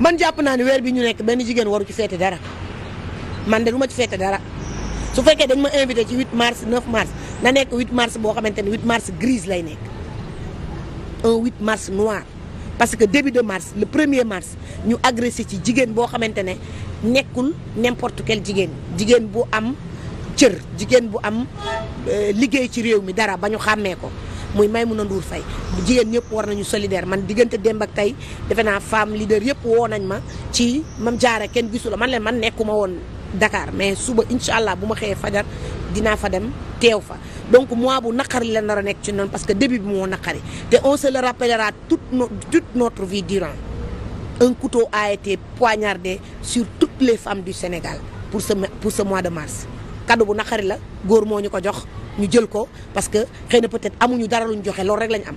man jàpp naa ne weer bi ñu nekk benn jigéen waru ci feete dara man de du ma ci feete dara su fekkee dañ ma invité ci 8 mars 9 mars na nekk 8 mars boo xamante ne 8 mars grise lay nekk un 8 mars noir parce que début de mars le premier mars ñu agressé ci jigéen boo xamante ne nekkul n'importe quel jigéen jigéen bu am cër jigéen bu am euh, liggéey ci réew mi dara ba ñu xàmmee ko muy may Maimouna Ndour Faye jigéen ñëpp war nañu solidaire man diggante dem ak tey defe naa femme leader yëpp woo nañ ma ci mam jaare kenn gisula la man leen man nekkuma woon Dakar mais suba incha allah bu ma xëyee fajar dinaa fa dem teew fa donc mois bu naqari la nar nekk ci noonu parce que début bi moo naqari te on se le rappellera toute no toute notre vie durant un couteau a été poignardé sur toutes les femmes du Sénégal pour ce pour ce mois de mars kaddu bu naqari la góor moo ñu ko jox ñu jël ko parce que xëy na peut-être amuñu dara lu ñu joxe loolu rek lañ am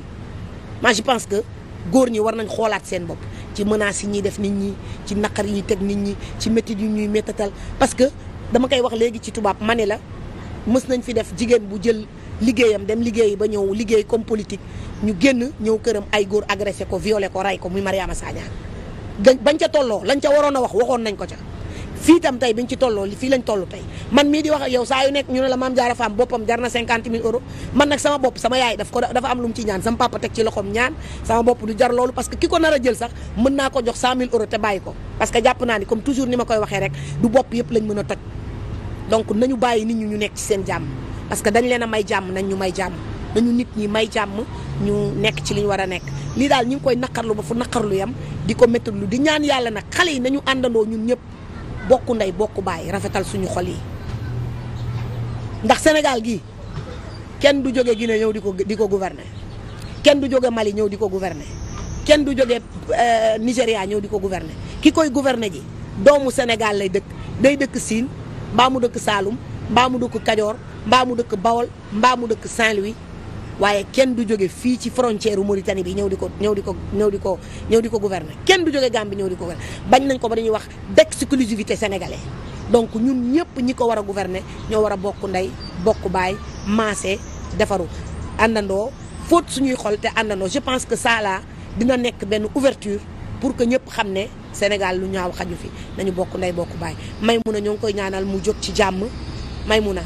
moi je pense que góor ñi war nañ xoolaat seen bopp ci menaces yi ñuy def nit ñi ci naqar yi ñuy teg nit ñi ci métit yu ñuy méttatal parce que dama koy wax léegi ci tubaab ma ne la mës nañ fi def jigéen bu jël liggéeyam dem liggéeyi ba ñëw liggéey comme politique ñu génn ñëw këram ay góor agressé ko violé ko rey ko muy Mariama Sagna bañ ca tolloo lañ ca waroon a wax waxoon nañ ko ca fii tam tey biñ ci tolloo li fii lañ toll tey man mii di wax ak yow saa yu nekk ñu ne la maam jaara faam boppam jar na cinquante mille euros man nag sama bopp sama yaay daf que ki ko nar a jël ko jox cent mille euros ko parce que jàpp naa ni comme toujours ni ma koy a toj donc bàyyi nit ñi ñu nekk ci seen jàmm parce que dañ leen may jàmm nañ ñu may jàmm nañu nit ñi may jàmm ñu nekk ci li ñu war a nekk lii daal ñu ngi koy naqarlu ba fu naqarlu yam di ko méttatlu di ñaan yàlla nag xale yi nañu àndandoo ñun ñëpp bokk ndey bokk baay rafetal suñu xol yi ndax Sénégal gi kenn du jóge Guinée ñëw di ko di ko gouverner kenn du jóge Mali ñëw di ko gouverner kenn du jóge euh, Nigéria ñëw di ko gouverner ki koy gouverner ji doomu Sénégal lay dëkk day dëkk siin mbaa mu dëkk Saalum mbaa mu dëkk Kajoor mbaa mu dëkk Bawol mbaa mu dëkk Saint-Louis waaye kenn du jóge fii ci frontière u Mauritanie bi ñëw di ko ñëw di ko ñëw di ñëw di ko gouverner kenn du jóge Gambie ñëw di ko gouverner bañ nañ ko ba dañuy wax d'exclusivité sénégalais donc ñun ñëpp ñi ko war a gouverner ñoo war a bokk ndey bokk baay maase defaru àndandoo fóot suñuy xol te àndandoo je pense que ça là dina nekk benn ouverture pour que ñëpp xam ne Sénégal lu ñaaw xaju fii nañu bokk ndey bokk baay Maymuna ñoo ngi koy ñaanal mu jóg ci jàmm may Maymuna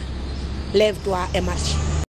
lève-toi et marche